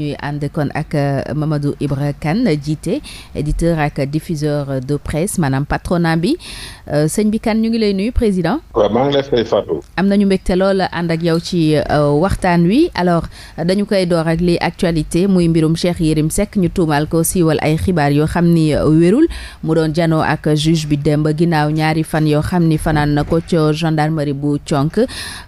ñuy ànd kon ak euh, Mamadou Ibra kan jiite éditeur ak diffuseur de presse maanaam patronat bi euh, sëñ bi kan ñu ngi lay nuyu président. waaw maa ngi lay am nañu mbégte lool ànd ak yow ci euh, waxtaan wi alors dañu koy door ak li actualité muy mbirum Cheikh Yérim sekk ñu tuumaal ko siiwal ay xibaar yoo xam ni wérul mu doon janoo ak juge bi dem ba ginnaaw ñaari fan yoo xam ni fanaan na ko ci gendarmerie bu conk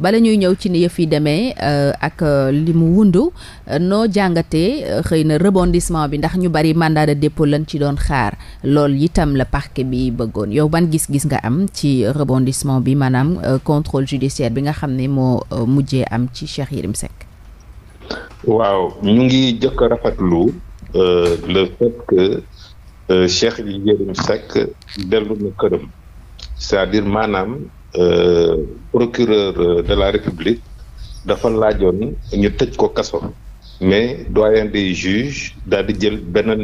bala ñuy ñëw ci ni yëf demee ak li wundu noo jàng jàngatee euh, xëy na rebondissement bi ndax ñu bari mandat de dépôt ci doon xaar lool itam la parquet bi bëggoon yow ban gis-gis nga am ci rebondissement bi maanaam euh, contrôle judiciaire bi nga xam ne moo euh, mujjee am ci Cheikh Yérim Seck. waaw ñu ngi jëkk a rafetlu le fait que euh, Cheikh Yérim Seck këram cest à maanaam euh, procureur de la République dafa laajoon ñu tëj ko kaso mais doyen de juges daal di jël beneen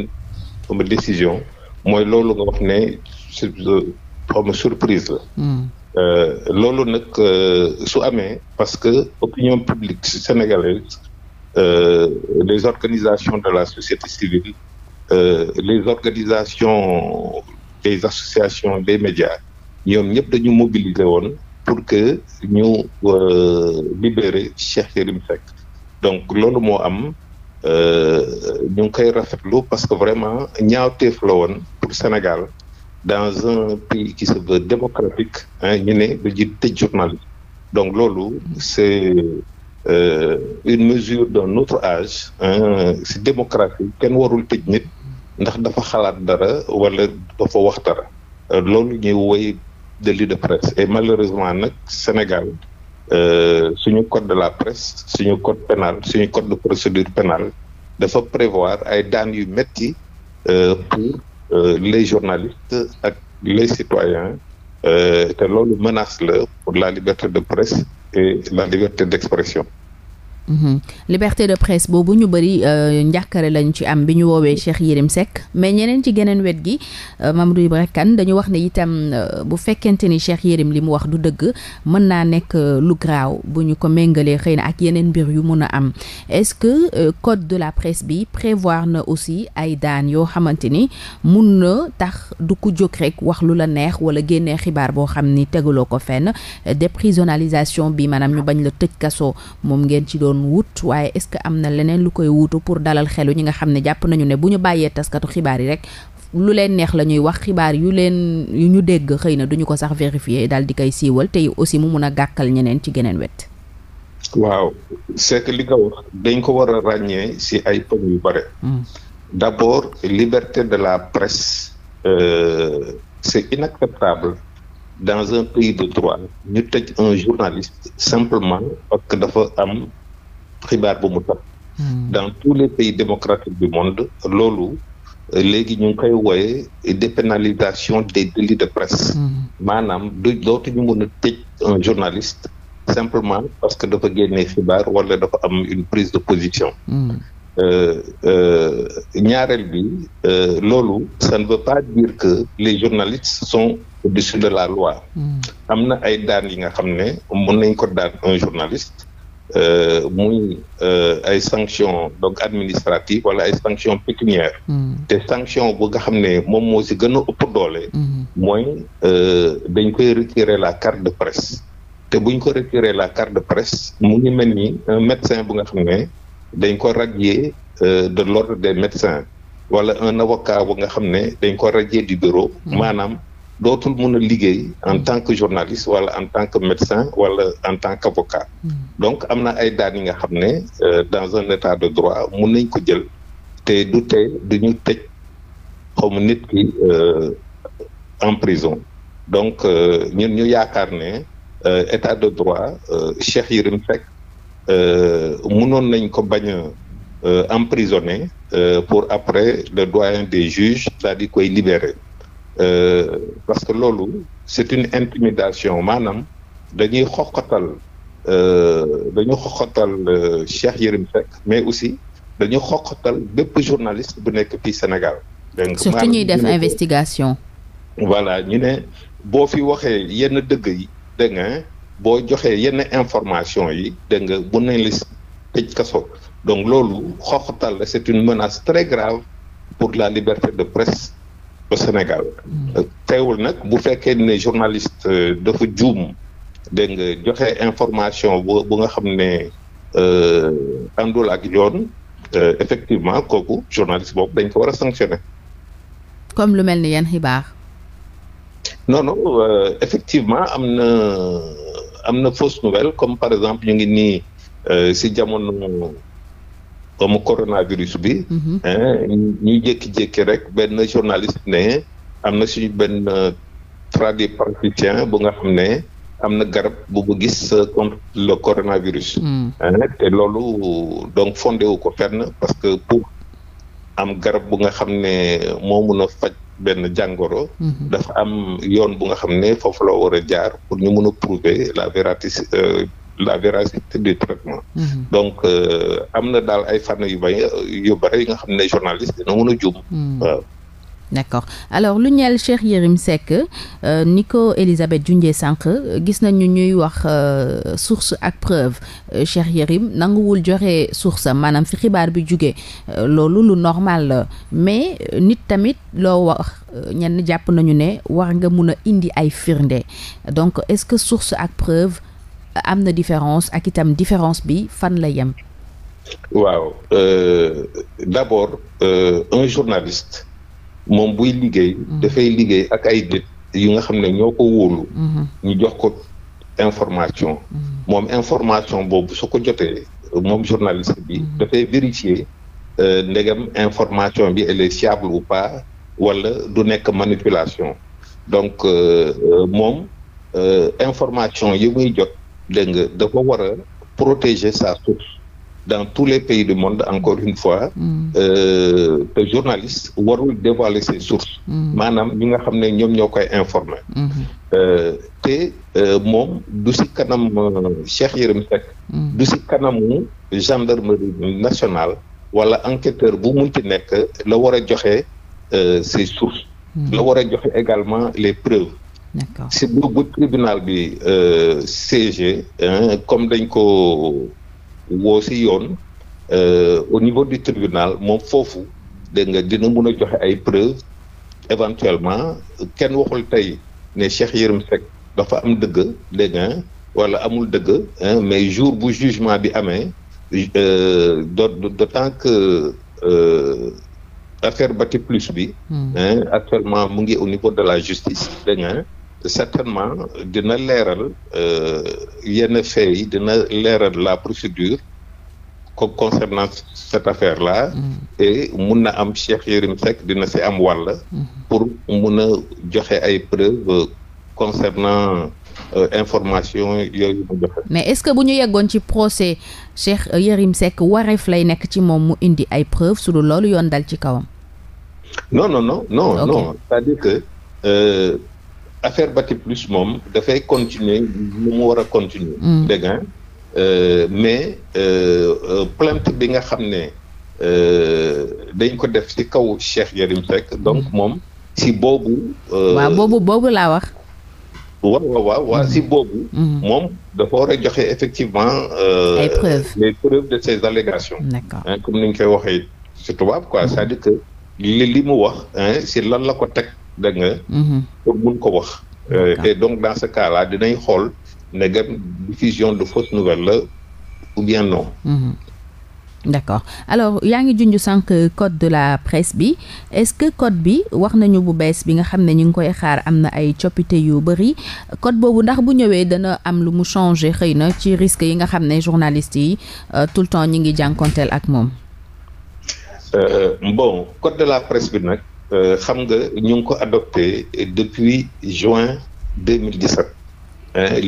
comme décision mooy loolu nga wax ne comme surprise la. Hmm. Euh, loolu nag euh, su amee parce que opinion publique sénégalaise euh, les organisations de la société civile euh, les organisations des associations des médias ñoom ñëpp dañu mobiliser woon pour que ñu euh, libérer Cheikh Yérim Seck donc loolu moo am euh, ñu ngi koy rafetlu parce que vraiment ñaawteef la woon pour Sénégal dans un pays qui se veut démocratique ñu ne du ji tëj journaliste donc loolu c'est euh, une mesure d'un autre âge si démocratie kenn warul tëj nit ndax dafa xalaat dara wala dafa wax dara euh, loolu ñuy woy délit de presse et malheureusement nag Sénégal Euh, suñu code de la presse suñu code pénal suñu code de procédure pénale dafa prévoir ay daan yu métti euh, pour euh, les journalistes ak les citoyens te loolu menace la pour la liberté de presse et la liberté d'expression Mhm. liberté de presse boobu ñu bëri euh, njàkkare lañ ci am bi ñu woowee Cheikh Yérim Seck mais ñeneen ci geneen wet gi euh, Mamadou Ibra Kane dañu wax ne itam euh, bu fekkente ni Cheikh Yérim li mu wax du dëgg mën naa nekk lu graaw bu ñu ko méngalee xëy na ak yeneen mbir yu mun a am est-ce que code de la presse bi prévoir na aussi ay daan yoo xamante ni mun na tax du ko jóg rek wax lu la neex wala génnee xibaar boo xam ni teguloo ko fenn déprisonnalisation bi maanaam ñu bañ la tëj kaso moom ngeen ci doon doon wut waaye est-ce que am na leneen lu koy wuutu pour dalal xelu ñi nga xam ne jàpp nañu ne bu ñu bàyyee taskatu xibaar yi rek lu leen neex la ñuy wax xibaar yu leen yu ñu dégg xëy na duñu ko sax vérifier daal di koy siiwal tey aussi mu mun a gàkkal ñeneen ci geneen wet. waaw c'est que li nga wax dañ ko war a ràññee ci ay poñ yu bare. Hmm. d'abord liberté de la presse euh, c'est inacceptable dans un pays de droit ñu tëj un journaliste simplement parce que dafa am xibaar bu mu topp hmm. dans tous les pays démocratiques du monde loolu euh, léegi ñu ngi koy wooye dépénalisation des délits de presse hmm. maanaam du dootuñu mën a tëj un journaliste simplement parce que dafa génne xibaar wala dafa am une prise de position hmm. euh, euh, ñaareel bi loolu ça ne veut pas dire que les journalistes sont au-dessus de la loi am na ay daan yi nga xam ne mën nañ ko daan un journaliste Euh, muy euh, ay sanctions donc administratives wala ay sanctions pécuniaires. Hmm. te sanction bu nga xam ne moom moo si gën a ëpp doole. Hmm. mooy euh, dañ koy retirer la carte de presse. te buñ ko retirer la carte de presse mu ngi mel ni un médecin bu nga xam ne dañ ko radier de l'ordre des médecins wala un avocat bu nga xam ne dañ ko radier du bureau hmm. maanaam. dootul mun a liggéey en tant que journaliste wala en tant que médecin wala en tant qu'avocat hmm. donc am na ay daan yi nga xam ne euh, dans un état de droit mun nañ ko jël te du te duñu ñu tëj nit ki euh, en prison donc euh, ñun ñu yaakaar ne état de droit Cheikh Yérim Seck mënoon nañ ko bañ a emprisonné pour après le doyen des juges daal di koy libérer Euh, parce que loolu c'est une intimidation maanaam dañuy xoqatal euh, dañu xoqatal euh, Cheikh Yérim Seck mais aussi dañu xoqatal bépp journaliste bu nekk fii Sénégal. donc surtout ñuy def investigation. voilà ñu ne boo fi waxee yenn dëgg yi dégg boo joxee yenn information yi dégg nga bu nañ la tëj kaso donc loolu xoqatal la c'est une menace très grave pour la liberté de presse. au Sénégal. Mm. teewul nag bu fekkee ne journaliste euh, dafa juum dégg nga joxe information bu bu nga xam ne euh, àndul ak yoon euh, effectivement kooku journaliste boobu dañ ko war a sanctionné. comme lu mel ni yenn xibaar. non effectivement am na am na fausse nouvelle comme par exemple ñu ngi nii euh, si jamono. comme coronavirus bi. Mhm. ñu jékki-jékki rek benn journaliste ne am na suñu benn euh, tradupraticien bu nga xam ne am na garab bu ko gis euh, contre le coronavirus. Mm. te loolu donc fondé wu ko fenn parce que pour am garab bu nga xam ne moom mun a faj. benn jàngoro mhm. dafa am yoon bu nga xam ne foofu la war jaar pour ñu mun a prouver la vérité euh, la véracité mhm. donc euh, am na daal ay fànn yu bari yu bari yi nga xam ne journaliste dina mën jum. Mhm. waaw. d'accord alors lu ñeel Cheikh Yérim Seck euh, ni ko Elisabeth Junjee sànq gis nañu ñuy wax euh, source ak preuve euh, Cheikh Yérim nanguwul joxe source maanaam fi xibaar bi jóge euh, loolu lu normal la mais euh, nit tamit loo wax ñenn jàpp nañu ne war nga mun a indi ay firnde donc est-ce que source ak preuve am na différence ak itam différence bi fan la yem. waaw euh, d'abord euh, un journaliste moom buy liggéey. Mm-hmm. dafay liggéey ak ay nit yu nga xam ne ñoo ko wóolu. Mm-hmm. ñu jox ko information. Mm-hmm. moom information boobu su ko jotee moom journaliste bi dafay vérifier euh, ndegam information bi elle est fiable ou pas wala du nekk manipulation donc euh, moom information yi muy jot. dégg nga dafa war a protéger sa source dans tous les pays du monde encore une fois mm. euh, te journaliste warul dévoiler ses sources mm. maanaam ñi nga xam ne ñoom ñoo koy informer mm-hmm. euh, te euh, moom du ci kanam Cheikh Yérim Seck mm. du ci kanamu gendarmerie nationale wala enquêteur bu munti nekk la war a joxe ses sources mm-hmm. la war a joxe également les preuves d'accord si boobu tribunal bi CG euh, comme dañ ko woo si yoon euh, au niveau du tribunal moom foofu dégg nga dina mun a joxe ay preuves éventuellement kenn waxul tey ne Cheikh Yérim Seck dafa am dëgg dégg nga wala amul dëgg mais jour bu jugement bi amee euh, d'autant que affaire Bati Plus bi hmm. actuellement mu ngi au niveau de la justice dégg nga certainement dina leeral euh, yenn faits yi dina leeral la procédure comme concernant cette affaire là. Mm. et mun na am Cheikh Yérim Seck dina si am wàll. Mm. pour mun a joxe ay preuves concernant euh, information yooyu mu joxe. mais est-ce que bu ñu yeggoon ci procès Cheikh Yérim Seck wareef lay nekk ci moom mu indi ay preuves su loolu yoon dal ci kawam. non non non non non dire que. Euh, affaire Bati plus moom dafay continuer nu mu war a continuer mm. dégg nga euh, mais euh, euh, plainte bi nga xam ne dañ ko def ci kaw Cheikh Yérim Seck donc mm. moom si boobu waaw boobu boobu laa wax waaw waaw waaw si mm. boobu moom dafa war a joxe effectivement les preuves les preuves de ces allégations comme ni ñu koy waxee ci tubaab quoi c'est-à-dire que li li mu wax si lan la ko teg dégg nga. Mhm. pour mun ko wax. Euh, et donc dans ce cas xool ne gam diffusion de fausse nouvelle la ou bien non. Mm-hmm. yaa ngi junj sànq code de la presse bi est-ce que code bi wax nañu bu bees bi nga xam ne ñu ngi koy xaar am na ay coppite yu bëri code boobu ndax bu ñëwee dana am lu mu changer xëy na ci risques yi nga xam ne journalistes yi euh, tout le temps ñu ngi jànkonteel ak moom. Euh, euh bon code de la presse bi nag. Euh, xam nga ñu ngi ko adopté depuis juin 2017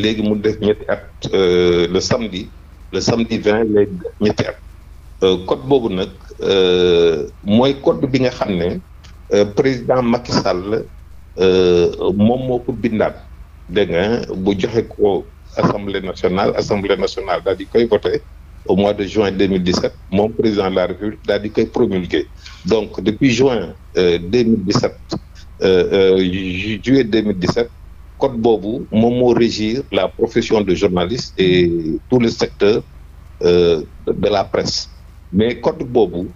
léegi mu def ñetti at euh, le samedi le samedi 20 lay def ñetti at euh, code boobu nag mooy code bi nga xam ne président Macky Sall moom moo ko bindaat dégg nga bu joxe ko assemblée nationale assemblée national daal di koy voté au mois de juin 2017 moom président de la république daal di koy promulgué donc depuis juin 2017 euh, euh, euh, juillet 2017 code boobu moom moo régir la profession de journaliste et tout le secteur de la presse mais code boobu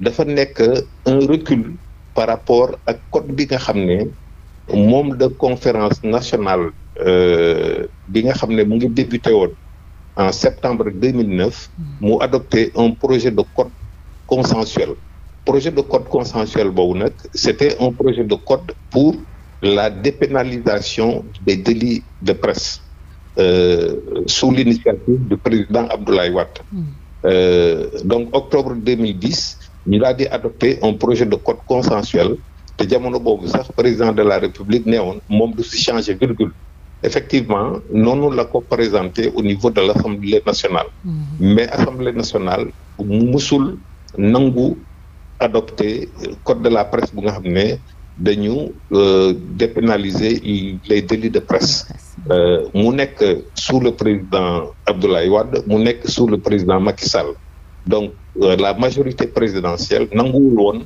dafa nekk un recul par rapport ak code bi nga xam ne moom de conférence nationale bi nga xam ne mu ngi débuté woon en septembre 2009 mu adopté un projet de code consensuel projet de code consensuel boobu nag c'était un projet de code pour la dépénalisation des délits de presse euh, sous l'initiative du président Abdoulaye Wade mm. euh, donc octobre 2010 ñu daal di adopté un projet de code consensuel te jamono boobu sax président de la République nee woon moom du si changer noonu la ko présenté au niveau de l'Assemblée nationale mm. mais Assemblée nationale musul nangu adopté code de la presse bu nga xam ne dañu euh, dépénaliser les délits de presse euh, mu nekk sous le président Abdoulaye Wade mu nekk su le président Macky Sall donc euh, la majorité présidentielle nanguwul woon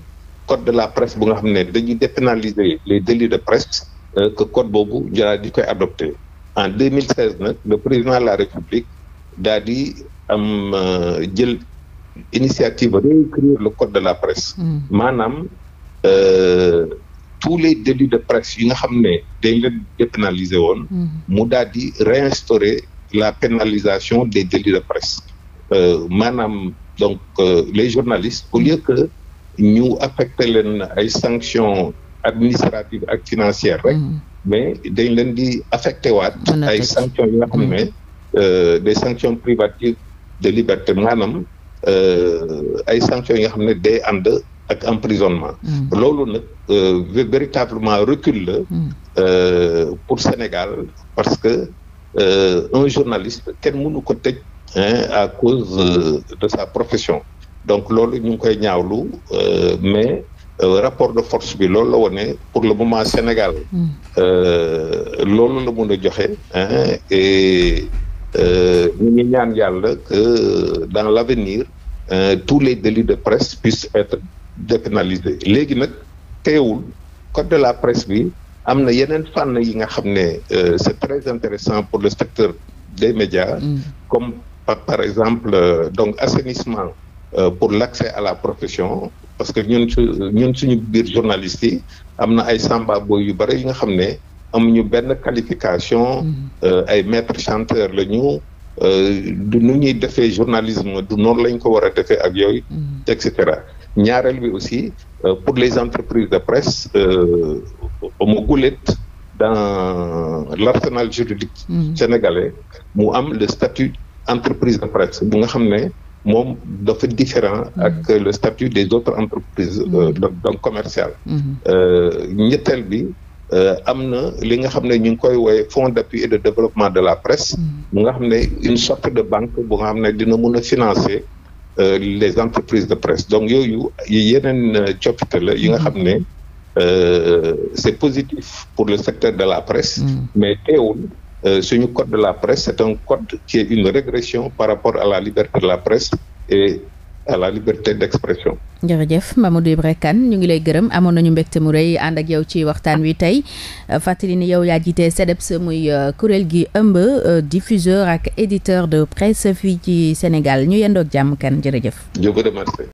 code de la presse bu nga xam ne dañuy dépénaliser les délits de presse que code boobu jëlaat di koy adopté en 2016 nag le président de la République daa di am jël initiative réécrire le code de la presse mm. maanaam euh, tous les délits de presse yi nga xam ne dañ leen dépénaliser woon mm. mu daal di réinstaurer la pénalisation des délits de presse euh, maanaam donc euh, les journalistes pour lieu que ñu affecté leen ay sanctions administratives ak financières rek mm. mais dañ leen di affecté waat ay sanctions yi nga xam ne des sanctions privatives de liberté maanaam Euh, ay sanctions yi nga xam ne day ànd ak emprisonnement. Mm. loolu nag euh, véritablement recul la. Mm. Euh, pour Sénégal parce que un journaliste kenn mënu ko tëj. à cause de sa profession. donc loolu ñu ngi koy ñaawlu mais rapport de force bi loolu la wone pour le moment Sénégal. Mm. loolu la mën a joxe. et ñu ñaan yàlla que dans l' Euh, tous les délits de presse puissent être dépénalisés léegi nag teewul code de la presse bi am na yeneen fànn yi nga xam ne euh, c'est très intéressant pour le secteur des médias mm. comme par exemple euh, donc assainissement pour l'accès à la profession parce que ñun su ñun suñu biir journalistes yi am na ay samba boy yu bëri yi nga xam ne amuñu benn qualification mm. ay maître chanteur la ñu Euh, du nu ñuy defee journalisme du noonu lañ ko war a defee ak yooyu mm-hmm. et cetera ñaareel bi aussi euh, pour les entreprises de presse homogoulette euh, dans l'arsenal juridique mm-hmm. sénégalais mu am le statut entreprise de presse bu nga xam ne moom dafa différent mm-hmm. ak le statut des autres entreprises donc commerciales ñetteel bi Euh, am na li nga xam ne ñu ngi koy wooye fonds d'appui et de développement de la presse mm. mu nga xam ne une sorte de banque bo nga xam ne dina mun a financer euh, les entreprises de presse donc yooyu yeneen euh, coppite la yi nga xam ne mm. c'est positif pour le secteur de la presse mm. mais teewul suñu code de la presse c'est un code qui une régression par rapport à la liberté de la presse à la liberté d'expression. jërëjëf Mamadou Ibra Kane ñu ngi lay gërëm amoon nañu mbégte mu rey ànd ak yow ci waxtaan wi tey euh, fàttali ni yow yaa jiite CDEPS muy euh, kuréel gi ëmb euh, diffuseur ak éditeur de presse fii ci Sénégal ñu yendoog jàmm kan jërëjëf.